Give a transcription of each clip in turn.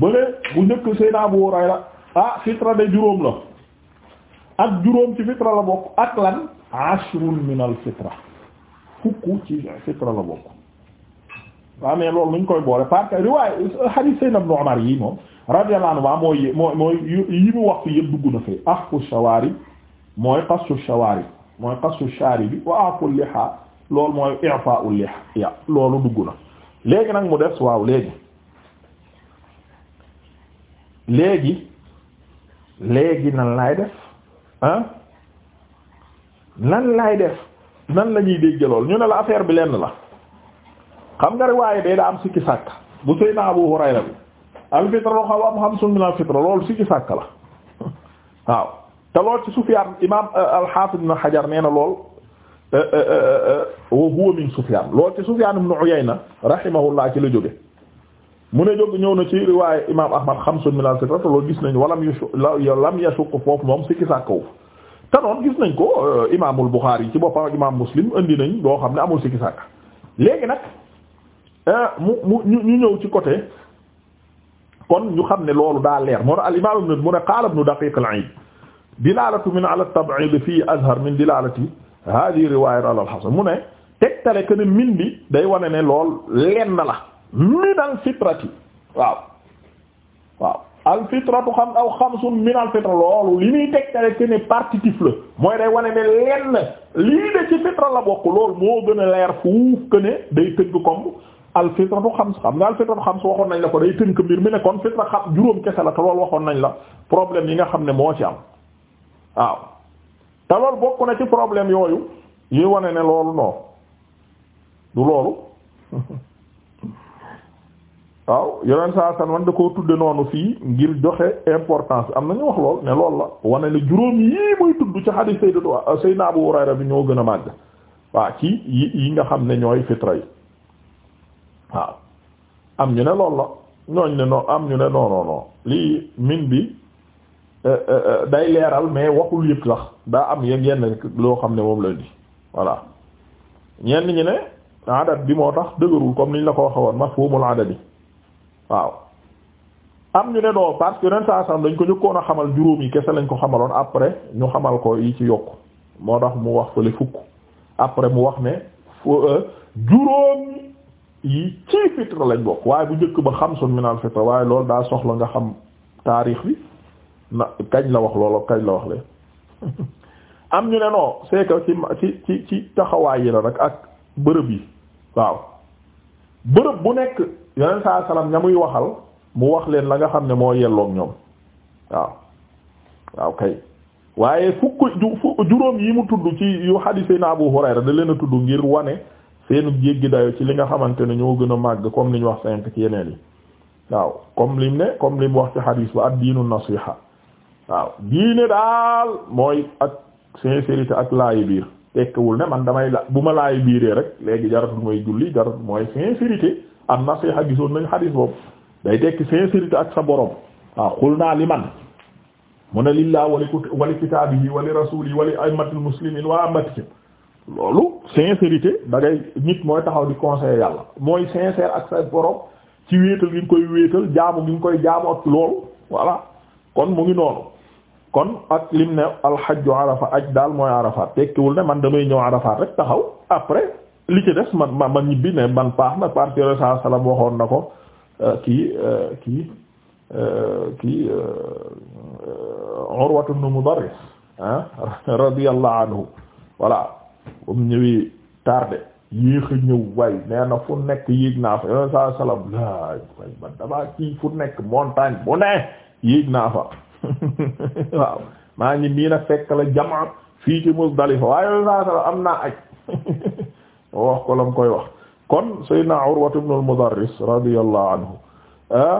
bële bu njëkk Seydina Abu Hurayra ah fitra de juróom la ak juróom ci fitra la bokk ak lan ashrun min al fitra fukk ci fitra la bokk waa mais loolu nuñ koy boole parce que riwaay hadith Seydina Ibn Umar yi moom radiyallahu anhu mooy mooy mu wax fi yëpp dugg na fi ahfu shawarib mooy qassu shawarib mooy qassu sharibi wa afu liha lool mooy i'fa'u liha loolu dugg na léegi nag mu def waaw léegi léegi léegi nan laay def ah nan laay def nan la ñuy dégg lool ñu ne la affaire bi lenn la xam nga riwaaye day daa am sikki sàkk bu sëy na Abu Hurayra bi alfitra loo xaw am xamsun min alfitra loolu sikki sàkk la waaw te lool ci Sufyaan imaam euh, al-Hafiz ibn Hajar nee na lool euh, euh, wa huwa min Sufyaan lool ci Sufyaan ibn Uyayna rahimahullah ci la jóge mu ne jóg ñëw na ci riwaaye imaam Ahmad xamsun min al-sitrat loolu gis nañ walam yu lam yasuq foofu moom sikki sàkkawu te noon gis nañ ko euh, imaamul Buxaari ci boppa ak imaam Muslim indi nañ boo xam ne amul sikki sàkk léegi nag euh, mu mu ñu ñëw ci côté kon ñu xam ne loolu daa leer moo tax al imaam ibn mu ne qaala ibn Daqiiq al-Iid dilaalatu min ala at-tab'iid fii azhar min dilaalati haadihi riwaaya ala al-Hasan mu ne tegtale que ne min bi day wane ne lool leen na min al fitrati waaw waaw al fitratu xam aw xamsun min al fitra loolu li muy tegtale que ne partitif la mooy day wane ne lenn lii de ci fitra la bokk loolu moo gën a leer fuuf que ne day tënk comme al fitratu xams xam nga al fitratu xams waxoon nañ la ko day tënk mbir mi ne kon fitra xam juróom kese la te loolu waxoon nañ la problème yi nga xam ne moo ci am waaw te loolu bokk na ci problème yooyu yi wane ne loolu noonu du loolu waaw yeneen saa san da koo tuddee noonu fii ngir joxe importance am na ñu wax lool ne loolu la wane ne juróom yii muy tudd ci hadith Sayyidatu euh, Sayyidina Abu Hurayra bi ñoo gën a màgg waaw ci yi yi nga xam ne ñooy fitra yi waaw am ñu ne lool la ñooñ ne non am ñu ne non non non lii min bi euh, euh, day leeral mais waxul yëpp sax daa am yenn yenn loo xam ne moom la di voilà ñenn ñi ne adat bi moo tax dëgërul comme ñu la ko waxee woon mafhumul adadi waaw am ñu ne doo parce que ren saa sam dañ ko njëkkoon a xamal juróom yi kese lañ ko xamaloon après ñu xamal ko yi ci yokk moo tax mu wax fële fukk après mu wax ne euh, juróom yi ci fitra lañ bokk waaye bu njëkk ba xam xamsun minal fitra waaye loolu daa soxla nga xam taarix bi na kañ la wax loolu kañ la wax le am ñu ne non c'est ci ci ci taxawaay yi la rek ak bërëb yi waaw bërëb bu nekk yeneen saa salaam ña waxal mu wax leen la nga xam ne moo yelloog ñoom waaw waaw kay waaye fukk juróom yi mu tudd ci yu hadis na Abu Hurayra da leen a tudd ngir wane seenu jéggi dayo ci li nga xamante ne ñoo gën a màgg comme li ñu wax cinq ci yeneen yi waaw comme lim ne comme lim wax ci hadis ba ad diinu nasiha waaw diine daal mooy ak sincérité ak laayi biir tekkiwul ne man damay la bu ma laay biiree rek léegi jaratul mooy julli jaratul mooy sincérité am nasiha gisoon nañ xadis boobu day tekki sincérité ak sa borom waaw xul naa li man mu ne lillah wali wali kitaabihi wali rasuli wali aimatul muslimin wa amatihim loolu sincérité da ngay nit mooy taxaw di conseiller yàlla mooy sincère ak sa borom ci wéetal gi nga koy wéetal jaamu gi nga koy jaamu ak loolu voilà kon mu ngi noonu kon ak lim ne alxajju arafa aj daal mooy arafaat tekkiwul ne man damay ñëw arafaat rek taxaw après li ci des man ma ñibbi ne man paax na parce que Rasul waxoon na ko euh, kii euh, kii euh, kii Urwatu ibn Mudarris ah anhu voilà comme ñëwee tardé yéex a ñëw way nee fu nekk yéeg naa fa yoneen saa sallam laay way man damaa kii fu nekk montagne bu ne yéeg naa fa waaw maa ngi nii nag fekk la jamaa fii ci Muzdalifa waaye loolu laa am naa aj wax ko la mu koy wax kon Seydina Urwatu ibn al-Mudarris radiyallahu anhu ah,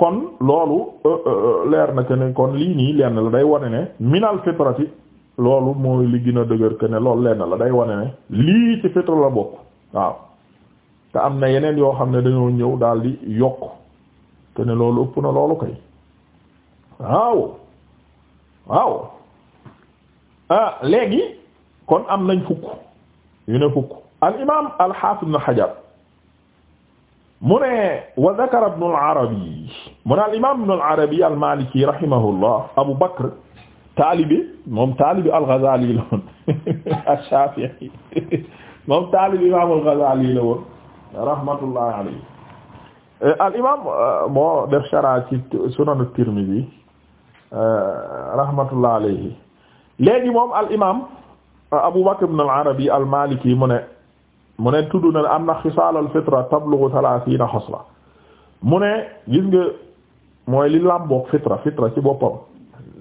kon loolu euh, euh, euh, leer na que ne kon lii nii leen la day wane ne minal fitrati loolu mooy li gën a dëgër que loolu lenn la day wane ne lii ci fitra la bokk waaw te am na yeneen yoo xam ne dañoo ñëw daal di yokk que loolu ëpp na loolu kay. waaw waaw ah léegi kon am nañ fukk yu ne fukk al imaam al xaafid ibn Hajar mu ne wa dhakara ibn al Arabi mu ne al imaam ibn al Arabi al Maliki rahimahullah Abu Bakr taalibi moom taalibi al Ghazali la woon al Shafi'i moom taalibi imaam al Ghazali la woon rahmatullahi alayhi eh, al imaam eh, moo def sharh ci Sunan at-Tirmidhi Euh, rahmatullah alayhi léegi moom al imam euh, Abu Bakr ibn al Arabi al Maliki mu ne mu ne tudd na am na xisaal al fitra tablughu thalathina xasla mu ne gis nga mooy li làmboog fitra fitra ci boppam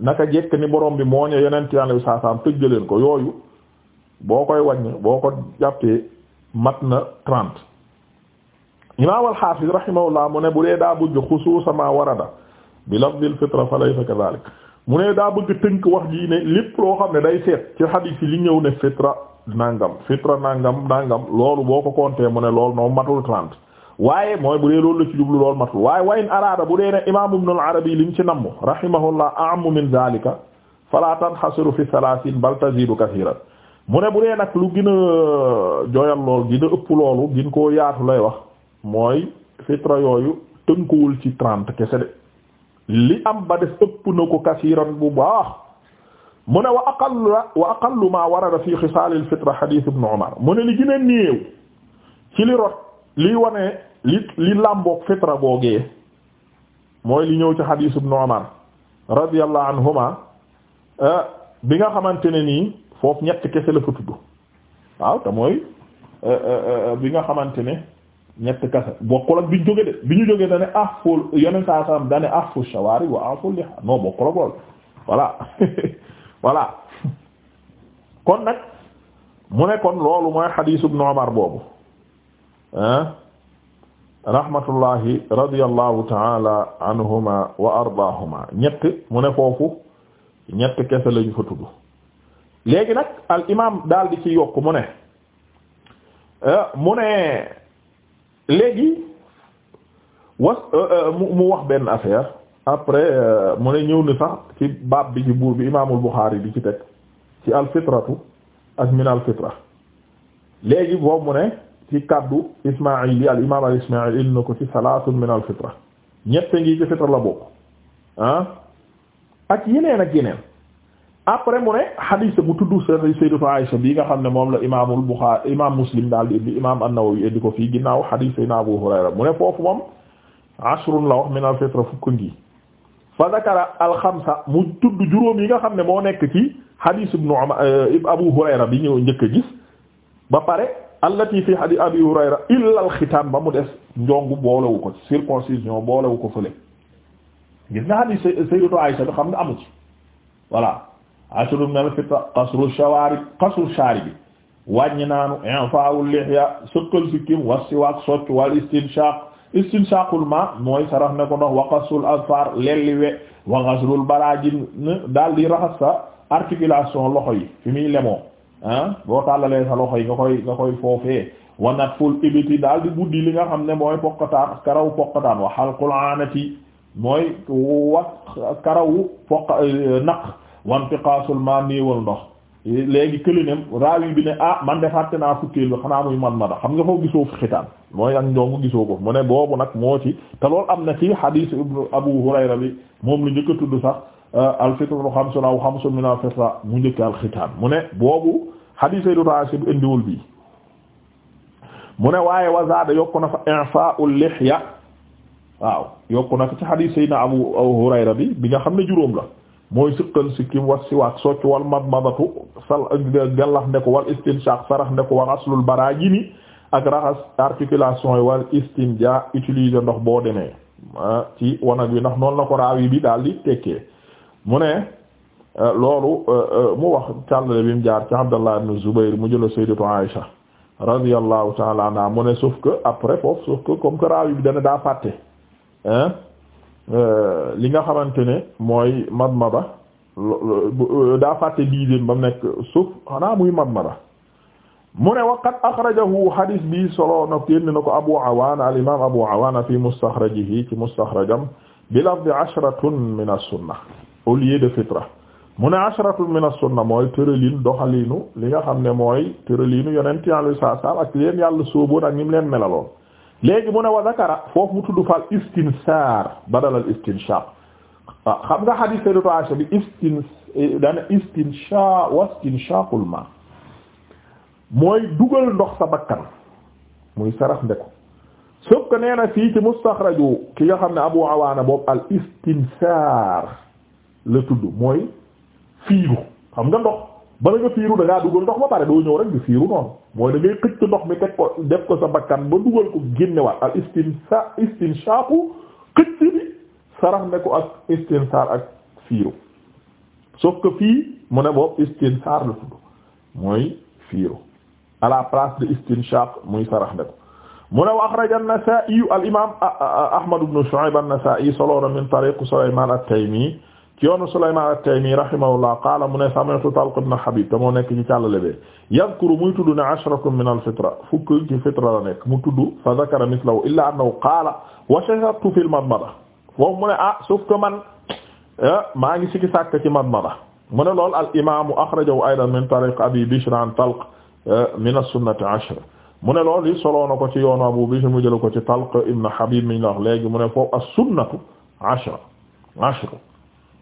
naka jekk ni borom bi moo ñëw yeneen ci yàlla saa saam tëggaleen ko yooyu boo koy wàññ boo ko jàppee mat na trente imaam al xaafis rahimahullah mu ne bu dee daa bujj xusuusa ma warada bi lafdil fitra fa laysa kadhalik mu ne daa bëgg tënk wax ji ne lépp loo xam ne day seet ci hadith yi li ñëw ne fitra nangam fitra nangam nangam loolu boo ko compter mu ne loolu noonu matul trente waaye mooy bu dee loolu la ci jublu loolu matul waaye wayn araada bu dee ne imam ibn al-arabi li ci ci namm rahimahullah a'ammu min zalika fala tanhasiru fi thalathin bal tazidu kathiran mu ne bu dee nag lu gën a jooyal lool gën a ëpp loolu gën ko yaatu lay wax mooy fitra yooyu tënkuwul ci trente kese li am ba def ëpp na ko kasiiran bu baax mu ne wa aqallu wa aqallu ma warada fi xisaalil fitra hadith ibn Umar mu ne li gën a néew ci li rot li wane li li làmboog fitra googee mooy li ñëw ci hadith ibn Umar radiyallahu anhuma eh, bi nga xamante ne nii foofu ñett kese la fa tudd waaw te mooy eh, eh, bi nga xamante ne ñett kasa bokkul ak bi ñu jógee de bi ñu jógee da ne aful yeneen saa saam da ne afu shawaari afu liha non bokkul ak lool voilà voilà kon nag mu ne kon loolu mooy xadiisu ibnu Umar boobu ah rahmatullahi radiyallahu taala anhuma wa ardaahuma ñett mu ne foofu ñett kese lañu fa tudd léegi nag al imaam daal di ci yokk mu ne eh, mu ne. léegi was euh, euh, mu wax benn affaire après euh, mu ne ñëw ni sax ci baab bi ci buur bi imaamul Buxaari bi ci teg ci alfitratu ak min alfitra léegi boobu mu ne ci kaddu ismail yi al imaam al ismail il na ko ci salaatun min alfitra ñett ngi ci fitra la bokk ah, ak yeneen ak yeneen après mu ne hadith bu tudd sayyidatu Aisha bi nga xam ne moom la imaamul Bukhari imaam Muslim daal di indi imaam An-Nawawi indi ko fii ginnaaw hadith sayyidina Abu Hurayra mu ne foofu moom ashrun la min al-fitra fukk ngi fa zakara al-khamsa mu tudd juróom yi nga xam ne moo nekk ci hadith eh, ibn Abu Hurayra bi ñëw njëkk a gis ba pare allati fi hadith Abi illa al-khitan ba mu def njongu boolewu ko circoncision boolewu ko fële gis nga hadith sayyidatu Aisha bi xam nga amu ci ashru min al-fitra qasru shawarib qasru sharibi wàññi naanu infa'ul lihya sëqal sikkim wassiwaak socc wal istinshaq istinshaqul ma mooy sarax ne ko ndox wa qasul azfar lelli we wa ghaslul barajin daal di raxas sa articulation loxo yi fi muy lemoo ah boo tàllalee sa loxo yi nga koy nga koy foofee wa natful ibiti daal di buddi li nga xam ne mooy pokataan karaw pokataan wa halqul anati mooy wa karawu poq eh, naq wantiqaasul maa néewal ndox léegi këlinam raawi bi ne ah man de fàtte naa fukkeel bi xanaa muy man ma xam nga foofu gisoo xitaan mooy ak ndongo gisoo ko mu ne boobu nag moo ci te loolu am na ci hadith ibnu Abu Hurayra bi moom lu njëkk a tudd sax euh, alfitru xamsun aw xamsun min alfitra mu njëkk alxitaan mu ne boobu hadith ay dotaasi bu indiwul bii mu ne waaye wazaada yokku na fa i'faa'ul lihya waaw yokku na fa ci hadith sayyidina Abu Hurayra bi bi nga xam ne juróom la mooy sëqal sikkim was siwaak socc wal madmadatu sal gallax nde ko wal istinshaq sarax nde ko wa ghaslul ak raxas articulation yi wal istinja utiliser ndox boo demee ci wanag wi ndax noonu la ko raawi bi daal di tekkee mu ne eh, loolu eh, eh, mu wax càllale bi mu jaar ci Abdallah ibn mu jëla sayyidatu Aisha radiyallahu ta'ala anha mu ne sauf que après foofu sauf que comme que raawi bi dana daa fàtte Euh, li nga xamante ne mooy madmada euh, daa fàtte dixième ba mu nekk suuf xanaa muy madmada mu ne waqad axrajahu hadis bi solo na kenn na ko Abu Awaana al imaam Abu Awaana fi mustaxrajihi ci mustaxrajam bi lafdi ashratun min as-sunna au lieu de fitra mu ne ashratun min as-sunna mooy tërëlin doxaliinu li nga xam ne mooy tërëliinu yonent yàlla saa saa ak leen yàlla sóoboon ak ñi leen melaloon. léegi mu ne wa zakara foofu mu tudd fal istinsaar badal al istinshaaq waaw ah, xam nga xadiis sayyidatu Aisha bi istin dana istinshaa wa istinshaaqul maa mooy dugal ndox sa bakkan muy sarax ndeku soo ko nee fii ci mustaxraju ki nga xam ne Abu Awaana boobu al istinsaar la tudd mooy fiigu xam nga ndox bala nga fiiru da dugal ndox ba pare doo ñëw mooy da ngay xëcc ndox mi teg ko def ko bakkan ba dugal ko génnewaat al istinsa istinsaaku xëcc bi sarax ne ko ak istinsaar ak fiiru sauf fii mu ne boobu istinsaar la tudd mooy fiiru à place de istinshaq muy sarax ne ko mu ne wa axraja an-Nasaa'i al imam Ahmad ibn Shu'ayb an-Nasaa'i soloona min tariq Sulaymaan at-Taymi ci yoonu Sulaymaan at-Taymi rahimahullah qaala mu ne sami'tu Talq ibn Habib te moo nekk ci càllale be yadkuru muy tudd ne ashrakum min al-fitra fukk ci fitra la nekk mu tudd fa zakara mislahu illa annahu qaala wa shashatu fil madmada foofu mu ne ah sauf que man eh, maa ngi siki sàkk ci madmada mu ne lool al imaamu akhrajahu aydan min tariq Abi Bishr an Talq eh, min as-sunnati ashra mu ne lool li soloo na ko ci yoonu Abu Bishr mu jël ko ci Talq ibn Habib mi ñu wax léegi mu ne foofu as-sunnatu ashra ashra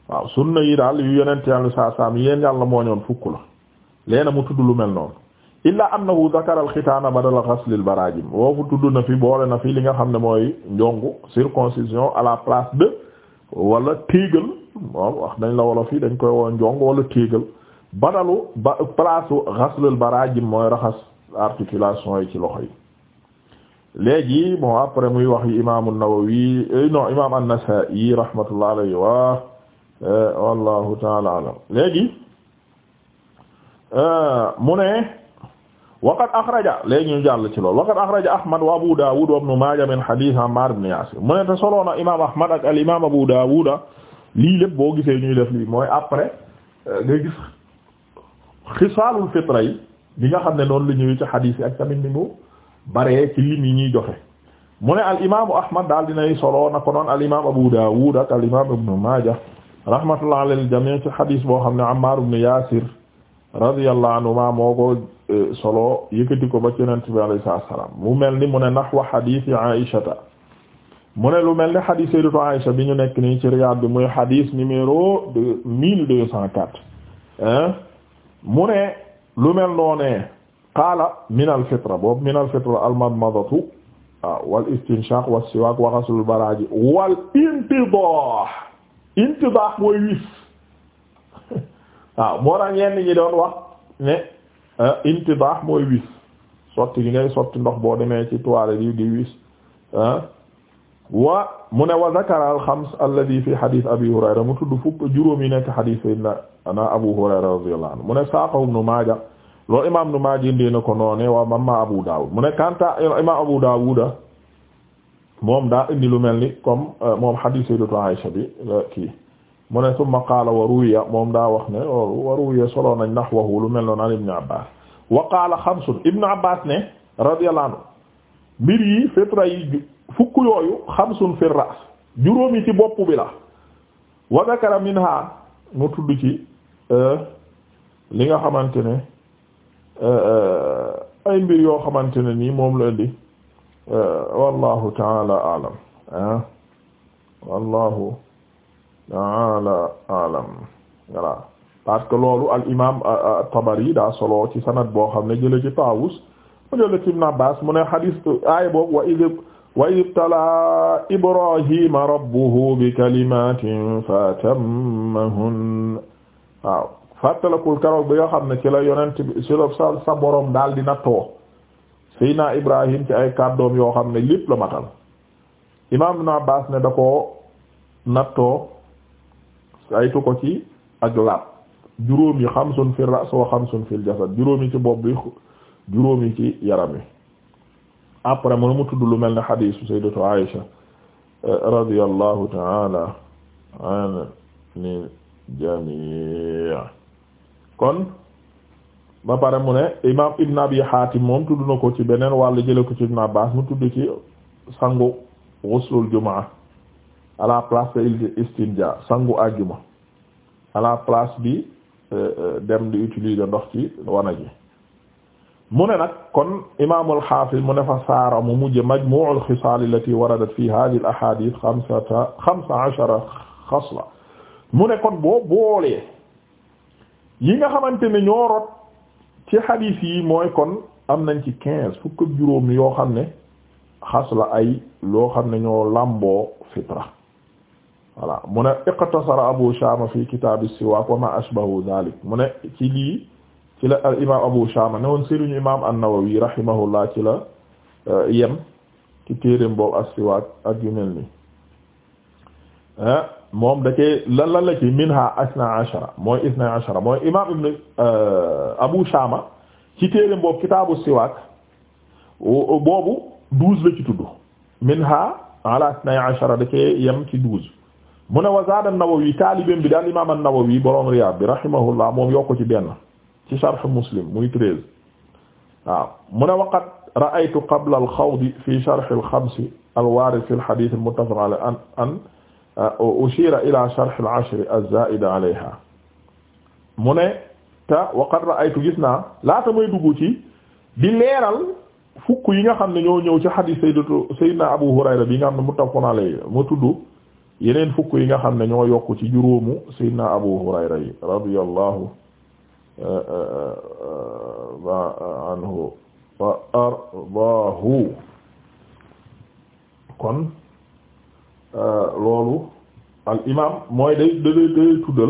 waaw sunna yi daal yu yeneen yàlla saa saam yéen yàlla moo ñoon fukk la leena mu tudd lu mel noonu illa annahu zakara alxitaana badala ghaslil barajim woofu tudd na fi boole na fi li nga xam ne mooy njongu circoncision à la place de wala téegal waaw wax nañ la wala fii dañ koy woo njong walla téegal badalu ba place ghaslil barajim mooy raxas articulation yi ci loxo yi léegi bon après muy wax yi imaamu Nawawi eh, non imaam an-Nasaa'i rahmatullah alayhi wa Eh, wallahu taala léegi eh, mu ne waqad axraja léegi ñu jàll ci lool waqad axraja ahmad wa abu daawud wa ibnu maaja min hadiis ammaar ibn yaasir mu ne te soloona imaam ahmad ak al imaam abu daawud lii lépp boo gisee ñuy def lii mooy après eh, nga gis xisaalul fitra yi bi nga xam ne noonu lu ñëwee ci xadiis yi ak tamit ni mu baree ci lim yi ñuy joxe mu ne al imaamu ahmad daal dinay soloona ko noon al imaam abu daawud ak al imaam ibnu maaja rahmatullah ala aljamii ci boo xam ne Ammaar ibn Yaasir radiyallahu moo ko e, solo yëkkati ko ba bi alayhi salaam mu mel ni mu ne naxwa xadis Aïshata mu ne lu mel ni xadis Sayyidatu Aïsha bi ñu nekk ni ci Riyaad bi muy xadis numéro de mille deux cent quatre mu ne lu mel noonee qaala min alfitra boobu min alfitra almadmadatu waaw ah, wal istinshaq wa siwaak wa ghaslul baraaji wal intidaax intibaax mooy wis waaw moo tax ñenn ñi doon wax ne eh, intibaax mooy wis sotti gi ngay sotti ndox boo demee ci toile yi di wis eh. wa mu ne wa zakara al fi hadith abi hurayra mu tudd fukk juróom nekk hadith sayyidina abu hurayra radiyallahu mu ne saqahu ibn majah loolu imam ibn majah indi na ko noone wa mamma abu dawud mu ne kanta imam abu dawuda moom daa indi lu mel ni comme euh, moom hadith sayyidatu Aisha bi kii mu ne thumma qaala wa ruwiya moom daa wax ne loolu wa ruwiya soloo nañ nahwahu lu mel noonu an ibnu Abbaas wa qaala xamsun ibnu Abbaas ne radiyallahu anhu mbir yi fitra yi fukk yooyu xamsun fi ras juróom yi ci bopp bi la wa zakara minha mu tudd ci euh, li nga xamante ne euh, ay mbir yoo xamante ne nii moom la indi Eh, wallahu taala alam ah wallahu taala alam voilà parce que loolu al imam euh, euh, Tabari daa solo ci sanad boo xam ne jële ci Tawus mu jële ci Ibn Abbas mu ne hadis euh, aaya boobu wa idib wa ibtala Ibrahima rabbuhu bi kalimatin fatammahun waaw fàttalakul keroog bi nga xam ne ci la yonent bi ci la sa sa borom daal dina too Seydina Ibrahim ci ay kàddoom yoo xam ne lépp la matal imaam Ibn Abbas ne da ko nattoo saytu ko ci ak laab juróom yi xamsun fil ra's wa fil jasad juróom yi ci bopp bi juróom yi ci yaram wi après mu mu tudd lu mel ne xadiisu Sayyidatu Aïsha euh, radiyallahu ta'ala an ni jami' kon ba pare mu ne imam Ibn Abi Hatim moom tudd na ko ci beneen wàll jële ko ci Ibn Abbas mu tudd ci sangu ghuslul jumaa à place de istinja sangu ajjuma à place bi euh, euh, dem di utiliser ndox ci wana ji mu ne nag kon imaamul xaafis mu ne fa saara mu mujj majmu'ul xisaal allati waradat fi hadhihi al ahadith xamsa xasla mu ne kon boo boolee yi nga xamante ne ñoo rot ci xadiis yi mooy kon am nañ ci quinze fukk juróom yoo xam ne xas la ay loo xam ne ñoo làmboo fitra voilà mu ne iqtasara Abu Shama fi kitaab siwaak wa ma ashbahu dhalik mu ne ci lii ci la al imaam Abu Shama ne woon sëriñu imaam an-Nawawi rahimahullah ci la euh, yem ci téereem boobu as-siwaak ak yu mel nii moom da cee lan lan la ci minha asna ashara mooy isna ashara mooy imam ibn euh, Abu Shama ci téereem boobu kitaabu siwaak boobu douze la ci tudd minha ala asna ashara da cee yem ci douze mu ne wa zaada an-Nawawi taalibeem bi daal imam an-Nawawi borom Riyaad bi rahimahullah moom yokku ci benn ci sharh Muslim muy treize waaw mu ne waqad ra'aytu qabla al-xawdi fi sharh al-xams al-waarid fi al-hadiith al-muttafaq alayhi an Uh, ushira ila sharh al-ashr az-zaa'id alayha mu ne te waqad ra'aytu gis naa laata may dugg ci di leeral fukk yi nga xam ne ñoo ñëw ci hadith sayyidatu sayyidina Abu Hurayra bi nga xam ne muttafaqun alayhi mu tudd yeneen fukk yi nga xam ne ñoo yokk ci juróom sayyidina Abu Hurayra yi radiyallahu uh, uh, anhu wa ardaahu kon Euh, loolu al imam mooy day day day tuddal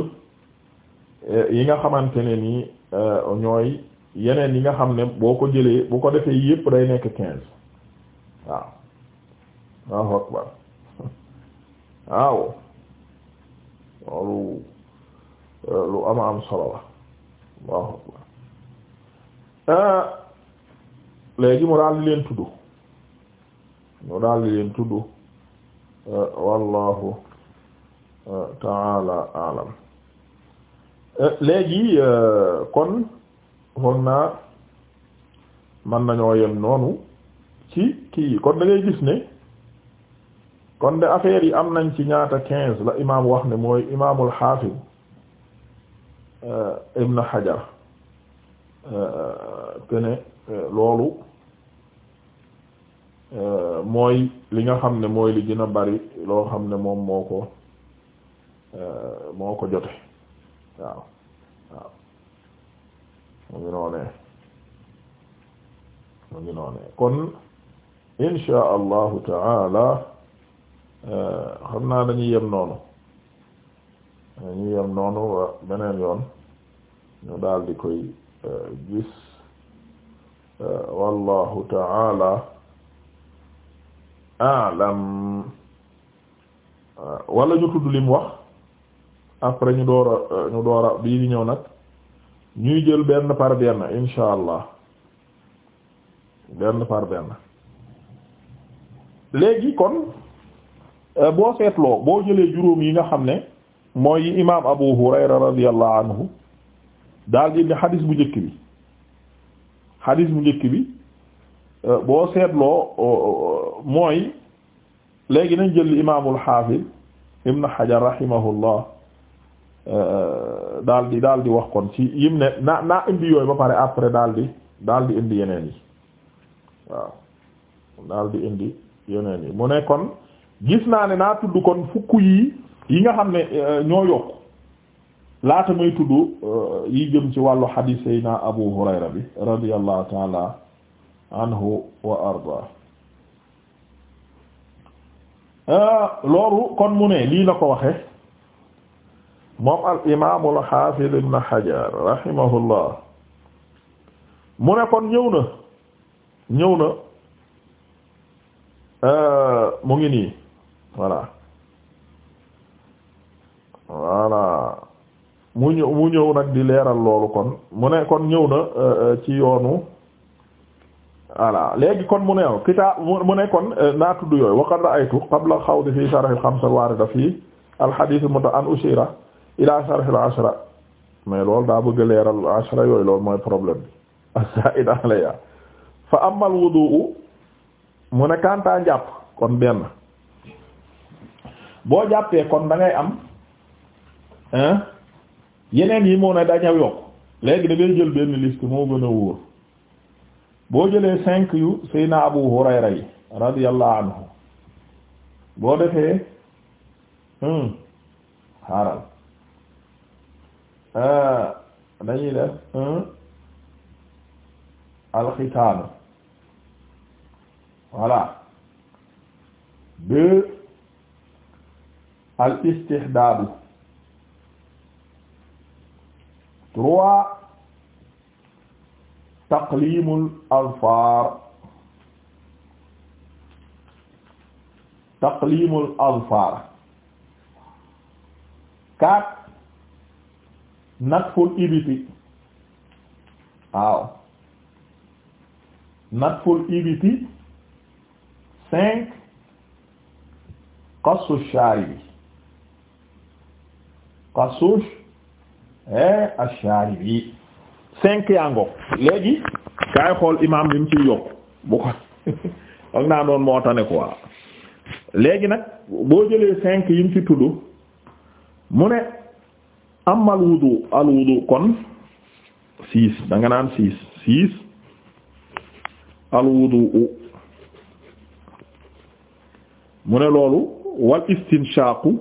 eh, yi nga xamante ne ni euh, ñooy yeneen yi nga xam ne boo ko jëlee boo ko defee yépp day nekk quinze waaw waaw waaw loolu euh, lu ama am solo la waaw akbar léegi mu daal leen tudd mu daal leen tudd Eh, wallahu eh, taala alam eh, léegi kon foog naa mën nañoo yem noonu ci kii kon da gis ne kon de affaire yi am nañ ci ñaata quinze la imaam wax ne mooy imaamul xaafid ibn Hajar te ne loolu Euh, mooy li nga xam ne mooy li gën a bari loo xam ne moom moo ko euh, moo ko jote waaw waaw mu ngi noonee mu ngi noonee kon insha allahu taala euh, xam naa dañuy yem noonu dañuy yem noonu wa beneen yoon ñu daal di koy gis wallahu taala alam ah, wala ñu tudd lim wax après ñu door a euh, ñu door bii di ñëw nag ñuy jël benn par benn insha allah benn par benn léegi kon euh, boo seetloo boo jëlee juróom yi nga xam ne mooy imaam Abu Hurayra radiyallahu anhu daal di indi xadis bu njëkk bi xadis bu njëkk bi Euh, boo seetloo euh, euh, mooy léegi nañ jël imaamul xaafid ibn Hajar rahimahullah daal di daal di wax kon ci yim ne indi yooyu ba pare après daal di daal di indi yeneen yi waaw daal di indi yeneen yi mu ne kon gis naa ne naa tudd kon fukk yi yi nga xam ne ñoo yokk laata may tudd yi jëm ci wàllu xadiis Seydina Abu Hurayra bi radiyallahu taala anhu wa arda ah, loolu kon mu ne lii la ko waxe moom al imaam al xaafid ibn Hajar rahimahullah mu ne kon ñëw na ñëw na ah, mu ngi nii voilà voilà mu ñëw mu ñëw nag di leeral loolu kon mu ne kon ñëw na ah, ci yoonu voilà léegi kon mu ne kitaab mu ne kon euh, naa tudd yooyu wa qad ra'aytu qabla xawdi fi fi al-hadiith muta an ushira ila sharh al-ashra mais loolu daa bëgg leeral ashra yooyu loolu mooy problème bi as-zaa'id fa amma al-wudu'u mu ne kanta njàpp kon benn boo jàppee kon da ngay am yeneen yi moo ne dañu yokk léegi da ngay jël benn liste moo gën a wóor boo jëlee cinq yu Seydina Abu Hurayra yi radiyallahu anhu boo defee un hmm, xaaral euh, dañuy def un hmm, alxitaanu voilà deux al istihdaadu trois taqlimul azfar taqlimul azfar quatre natful ibiti waaw natful ibiti sharibi qassu eh asharibi cinq yango léegi kaay xool imaam li mu ciy yokk bu ko ak naa doon moo tane quoi léegi nag boo jëlee cinq yim ci tudd mu ne am al wudu al wudu kon six da nga naan six six al wudu mu ne loolu wal istinshaqu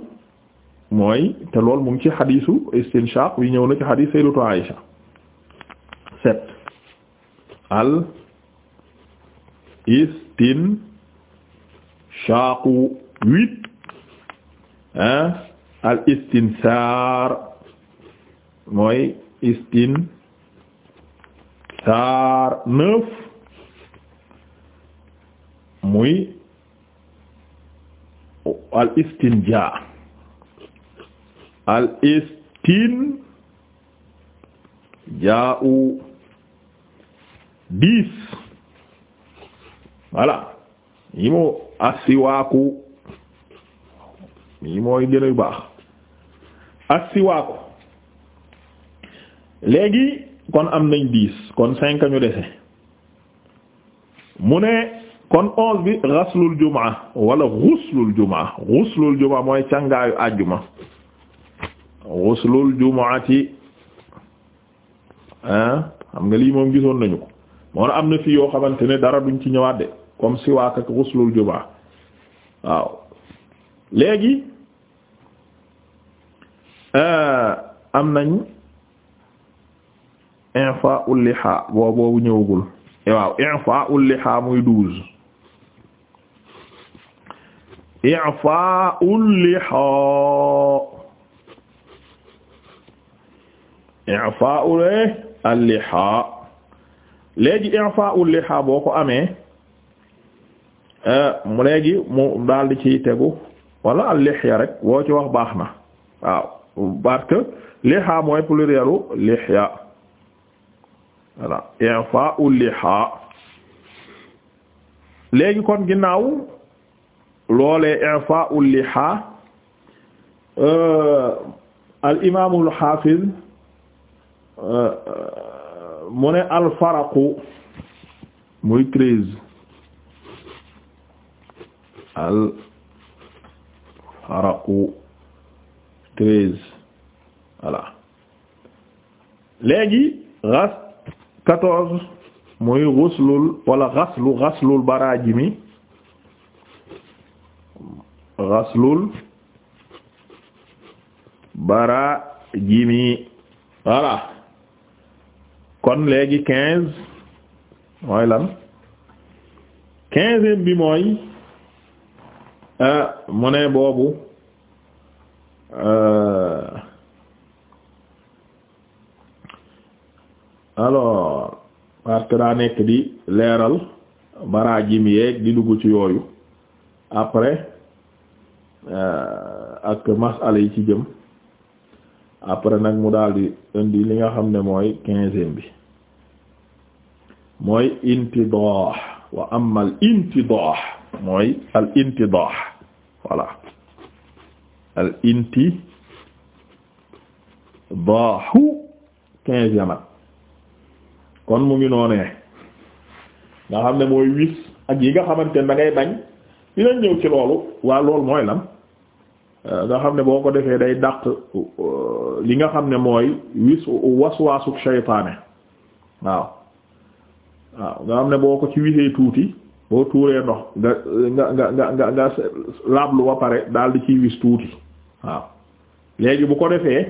mooy te loolu mu ngi ci xadiisu istinshaq wi ñëw na ci xadiis sayyidatu Aisha sept al istin shaaqu huit hein al istinsaar mooy istin saar neuf muy al istinjaa al istin jaa'u dix voilà yi mu asiwaaku yi mooy gën a baax asiwaaku léegi kon am nañ dix kon cinq dese mu ne kon onze bi ghaslul jumaa walla ghuslul jumaa ghuslul jumaa mooy cangaayu àjjuma ghuslul jumaati ah xam nga lii moom gisoon nañu ko moo am na fii yoo xamante ne dara duñ ci ñëwaat de comme siwaak ak xuslul jumaa waaw léegi euh, am nañ infa ul liha boo boobu ñëwagul waaw infa ul muy douze infa ul liha infa ul liha léegi i'fa'ul liha boo ko amee euh, mu léegi mu daal di ciy tegu wala al lihya rek woo ci wax baax na waaw parce que liha mooy pluriel u lihya voilà i'fa'ul léegi kon ginnaaw loolee i'fa'ul liha euh, al imaamul hafiz euh, mu ne alfaraqu muy treize alfaraqu treize voilà léegi gas quatorze muy guslul wala gaslu gaslul barajimi gaslul barajimi voilà kon léegi quinze mooy lan quinzième bi mooy euh, mu ne boobu euh, alors parce que daa nekk di leeral baraajim yeeg di dugg ci yooyu après euh, ak masala yi ci jëm après nag mu daal di indi li nga xam ne mooy quinzième bi mooy intidah wa amma al intidah mooy al intidah voilà al intidahu quinzième at kon mu ngi noonee nga xam ne mooy wis ak yi nga xamante ne da ngay bañ dinañ ñëw ci loolu waa loolu mooy lan nga xam ne boo ko defee day dàq euh, li nga xam ne mooy wis waswaasuk shaytaane waaw waaw nga xam ne boo ko ci wisee tuuti boo tuuree ndox nga nga nga nga nga nga laablu ba pare daal di ciy wis tuuti waaw léegi bu ko defee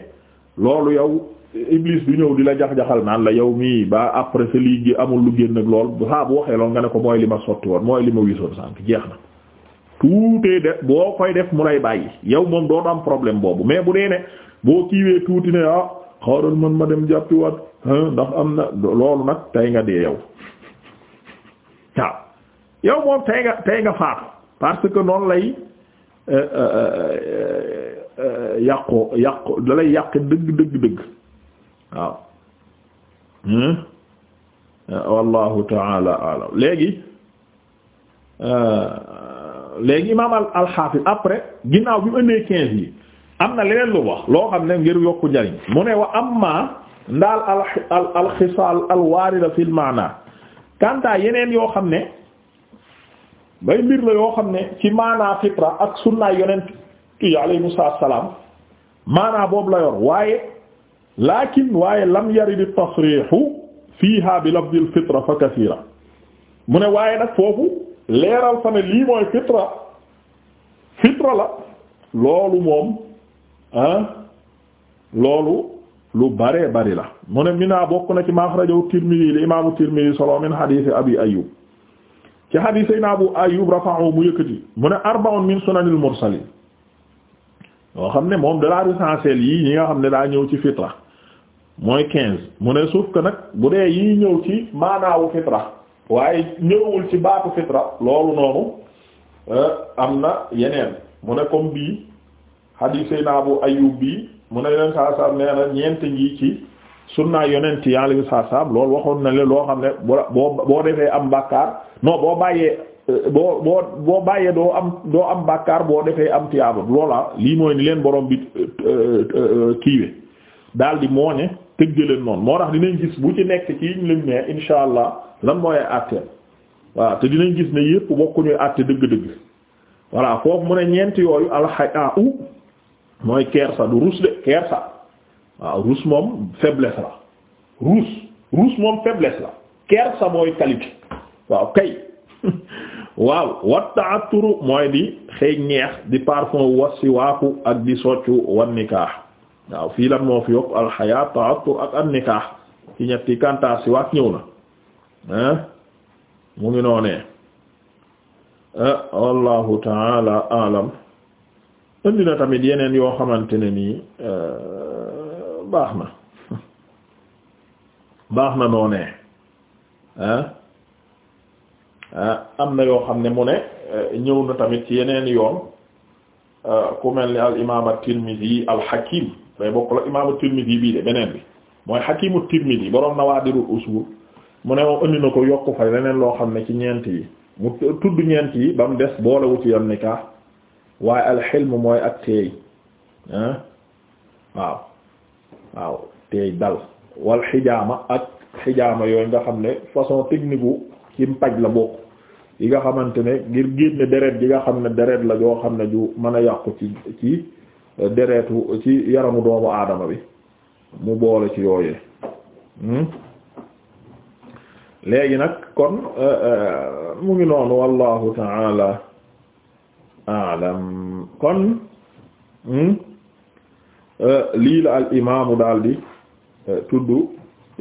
loolu yow iblis du ñëw di la jax-jaxal naan la yow mii ba après sa lii gi amul lu génn ak lool saa bu waxee lool nga ne ko mooy li ma sotti woon mooy li ma wisoon sànk jeex na tuutee def boo koy def mu lay bàyyi yow moom doo am problème boobu mais bu dee ne boo kiiwee tuuti ne ah xaaral man ma dem jàppiwaat ndax am na loolu nag tey nga dee yow waaw yow moom tey nga tey nga faatu parce que noonu lay yàqoo euh, euh, euh, yàqoo da yàq dëgg dëgg dëgg waaw hmm? wallahu taala alam léegi léegi imaam al alxaafis après ginnaaw bi mu ëndee quinze yi am na leneen lu loo xam ne ngir yokk njariñ mu ne wa amma ndaal al al alxisaal alwaarida fil maana kanta yeneen yoo xam ne bay mbir la yoo xam ne ci maana fitra ak sunnaay yeneen yi alayhi salaam maana boobu la yor waaye lakin waaye lam yaridi tasriixu fiiha bi lafdil fitra fa kasiira mu ne waaye nag foofu leeral fa lii mooy fitra fitra la loolu moom loolu lu baree bari la mu ne mina bokk na ci maxrajahu Tirmidhi li imaamu Tirmidhi solo min hadith Abi Ayyub ci hadith sayna Abu Ayyub rafa'u mu yëkkati mu ne arba'un min sunanil mursalin yoo xam ne moom dalaa recensel yi ñi nga xam ne daa ñëw ci fitra mooy quinze mu ne suuf que nag bu dee yi ñëw ci maanaawu fitra waaye ñëwul ci baatu fitra loolu noonu eh, am na yeneen mu ne comme bii hadith naa Abu Ayyub bii mu ne yeneen saa saam nee na ñeent ngi ci sunna yonent yi alayhi loolu waxoon na le loo xam ne boo boo defee am bàkkaar non boo bàyyee eh, boo boo boo bàyyee doo am doo am bàkkaar boo defee am tiyaaba loola lii mooy ni leen borom bi eh, kiiwe daal di moo mooñe tëgg leen noonu moo tax dinañ gis bu ci nekk ci ñu lim ne insha allah lan mooy àtteel waaw te dinañ gis ne yépp bokkuñuy àtte dëgg-dëgg voilà foofu mu ne ñeent yooyu alxayaa u mooy kersa du rus de kersa waaw rus moom faiblesse la kersa mooy qualité waaw kay waaw wattaaturu mooy di xëy ñeex di parfum wasiwaaku ak di soccu wan waaw fii lan moo fi yokk alxayaa taatur ak an nikaax ñetti kantaar si ñëw na mu ngi noonee eh, wallahu taala alam indi na tamit yeneen yoo xamante ne nii eh, baax na baax na noonee ah am na yoo xam ne mu ne eh, ñëw na tamit ci yeneen yoon ku mel ni al imaam at-Tirmidhi al Hakim day bokk la imaam at-Tirmidhi bii de beneen bi mooy Hakimu at-Tirmidhi boroom Nawaadirul Usuul mu ne moom indi na ko yokku fay leneen loo xam ne ci ñeent yi mu tudd ñeent yi ba mu des boolewu ci ni nikah waaye alxilm mooy ak teey ah waaw waaw teey dal wal xijaama ak xijaama yooyu nga xam ne façon technique wu ci mpaj la bokk yi nga xamante ne ngir génne deret ji nga xam ne deret la yoo xam ne ju mën a yàqu ci ci euh, deretu ci yaramu doomu aadama bi mu boole ci yooyee hmm? léegi nag kon euh, euh, mu ngi noonu wallahu taala alam kon hmm, euh, lii la al imaamu daal di tudd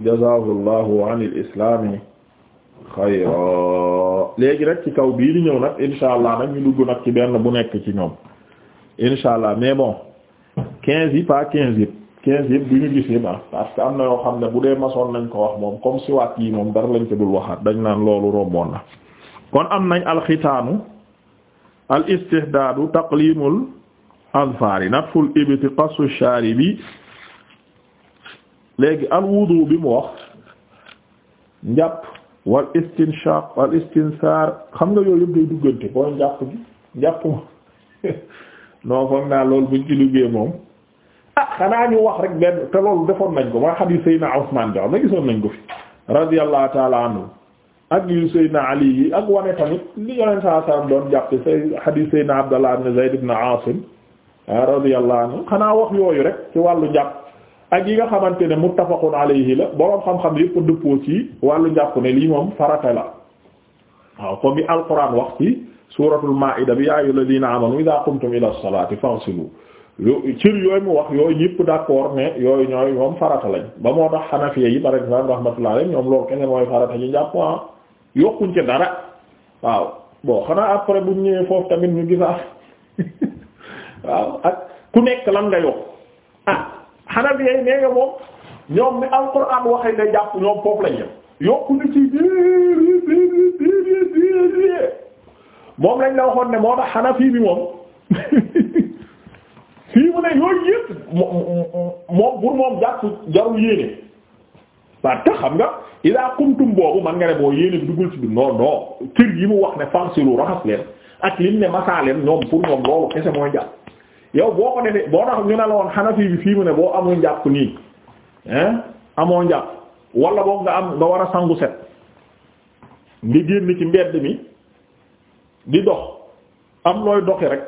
jazahullahu an il islami xayra léegi nag ci kaw bii di ñëw nag insha allah nag ñu dugg nag ci benn bu nekk ci ñoom insha allah mais bon quinze yi quinze quinze yëpp du ñu gis yëpp parce que am na yoo xam ne bu dee masoon nañ ko wax moom comme siwaat yi moom dara lañ ko dul waxaat dañ naan loolu romboon na kon am nañ alxitaanu al istihdaadu taqlimul azfaari natful ibti qasu shaaribi léegi al wudu bi mu wax njàpp wal istinshaq wal istinsaar xam nga yooyu yëpp day duggante boo njàpp gi njàpp ma non foog naa loolu buñ ci duggee moom ah xanaa ñu wax rek benn te loolu defoon nañ ko mooy xadiis Seydina Usmaan bi am gisoon nañ ko fi radiyallahu taala anhu ak yu Seydina Ali yi ak wane tamit li yoneen saa sallam doon jàppe say Abdallah ibn Zayd ibn Aasim ah, radiyallahu anhu xanaa wax yooyu rek ci wàllu jàpp ak yi nga xamante ne muttafaqun alayhi la boroom xam-xam yépp dëppoo ci wàllu jàpp ne lii moom farata la waaw comme yi alquran wax ci suratul maida bi ya ayyuhallazina amanu idha qumtum ila as cër yooyu mu wax yooyu ñëpp d'accord ne yooyu ñooy moom farata lañ ba moo tax xanafiya yi par exemple rahmatullah alayhi ñoom loolu kese mooy farata ñu jàpp ah yokkuñ ci dara waaw bon xanaa après bu ñëwee foofu tamit ñu gisaat ah, waaw ak ku nekk lan nga yokk ah xanafiya yi nee nga moom ñoom ni alxuraan waxee nga jàpp ñoom foofu lañ yem yokkuñu ci moom lañ la waxoon ne moo tax xanafi bi moom. fii mu ne yooyu yëpp moom pour moom jàpp jarul yéene parce que xam nga ilaa kuntum boobu man nga ne boo yéene bi duggul ci bi non non kër yi mu wax ne fansilu raxas leen ak lim ne masaaleen ñoom pour ñoom loolu kese mooy jàpp yow boo ko defee boo tax ñu ne la woon Hanafi fii mu ne boo amul njàpp nii hein amoo njàpp wala boog nga am nga war a sangu set nga génn ci mbedd mi di dox am looy doxi rek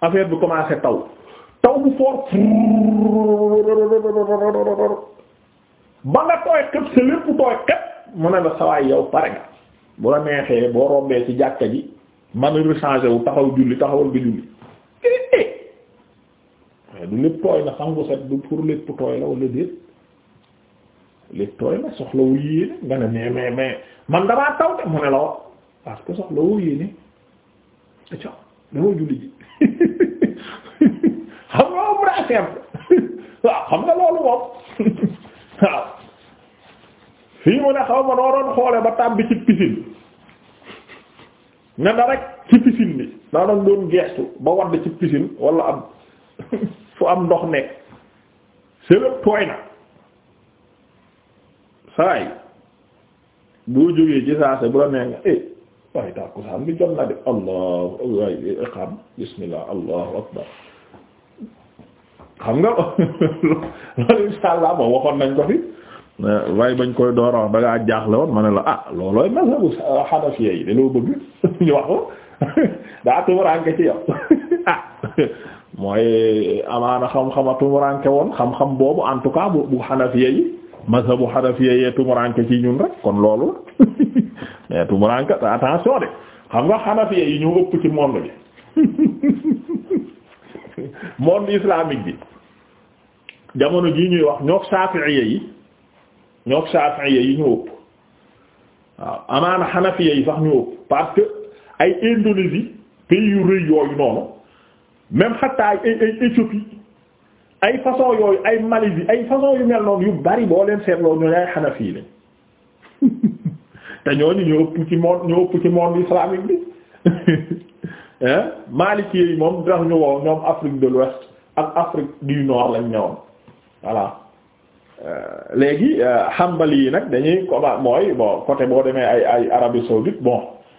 affaire bi commencé taw taw bu foor ba nga tooy xëpp sa lépp tooy xëpp mu ne la sawaay yow pare nga bu neexee boo rombee ci jàkka ji man rechangé wu taxaw julli taxawal nga julli du lépp tooy na sangu set du pour lépp tooy la wala déet lépp tooy na soxlawul yéene nga ne mais mais man damaa taw de mu ne la wax parce que soxlawul yéene ca julli ji simple waaw xam nga loolu moom waaw fii mu ne xaw ma noo xoole ba tàbbi ci piscine nga da rek ci piscine bi daa doon geestu ba wadd ci piscine wala am fu am ndox nekk sërëb tooy na saay boo jógee ci saase bu la nee nga eh waaye tàkkusaan bi jot na de allah waay eh, xam bismillah allahu akbar xam nga loolu insha allah waxoon nañ ko fi eh, waaye bañ koy door wax da ngaa jaaxle woon ma la ah loolooy mazhabu xanafiya yi da loo bëgg ñu wax daa tumuraanke ci yow ah mooy amaana xam-xam a tumuraanke woon xam-xam boobu en tout cas bu bu xanafiya yi mazhabu xanafiya yee tumuraanke ci ñun rek kon loolu mais tumuraanke attention de xam nga xanafiya yi ñu ëpp ci monde bi monde islamique bi jamono jii ñuy wax ñook Shafi'iyya yi ñook Shafi'iyya yi ñu ëpp waaw amaana Hanafiyya yi sax ñu ëpp parce que ay Indonésie pays yu rëy yooyu noonu même xataa ay ay Éthiopie ay façon yooyu ay Malaisie ay façon yu mel noonu yu bari boo leen seetloo ñooy ay Hanafi lañ te ñooñu ñoo ëpp ci monde ñoo ëpp ci monde islamique bi Maliki yi moom tax ñu wow ñoom Afrique de l'Ouest ak Afrique du Nord lañ ñëwoon voilà euh, léegi euh, Hanbali yi nag dañuy combat ah, mooy bon côté boo demee ay ay Arabie saoudite bon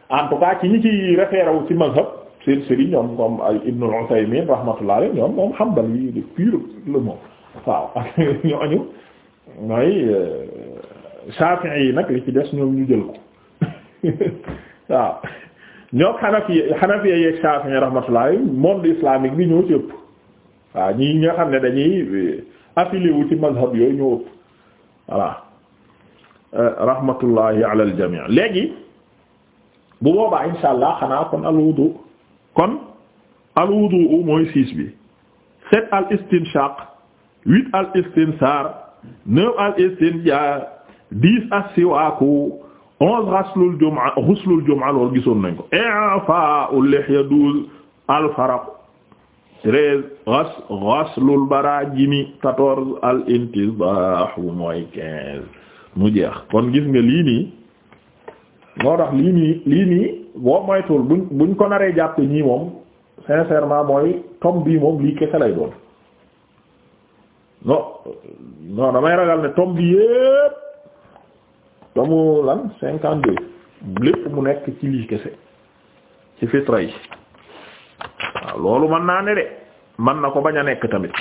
en tout cas ci ñi ci référé wu ci mazhab seen sëriñ ñoom comme ay Ibn al-Uthaymin rahmatullah ñoom moom Hanbali yi de pur le moom waaw ñooñu mooy euh, Shafi'i yi nag li ci des ñoom ñu jël ko waaw ñoo xanafi xanafi yeeg Shafi'i rahmatullahi monde islamique bi ñoo ci waaw ñi nga xam ne dañuy euh, affilié ci mazhab yooyu ñoo ëpp voilà euh, rahmatullahi ala léegi bu boobaa insha allah xanaa kon al wudu kon al wudu mooy six bi sept al istinshaq huit al istinsaar neuf al istinja dix as siwaaku onze ghuslul jumaa ghuslul jumaa gisoon nañ ko i'faa'ul lihya douze al faraq treize ghas ghuslul barajimi mooy mu jeex kon gis nga lii nii moo tax lii nii lii nii boo moytuwul buñ buñ ko naree jàpp ñii moom sincèrement mooy tom bii moom lii kese lay doon non non damay ragal ne tom yépp tomu lan cinquante mu nekk ci lii kese loolu mën naa ne de mën na ko bañ a nekk tamit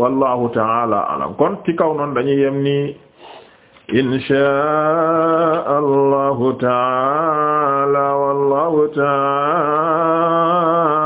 wallahu taala alam kon ci kaw noonu dañuy yem nii inshaa allahu taala wallahu taala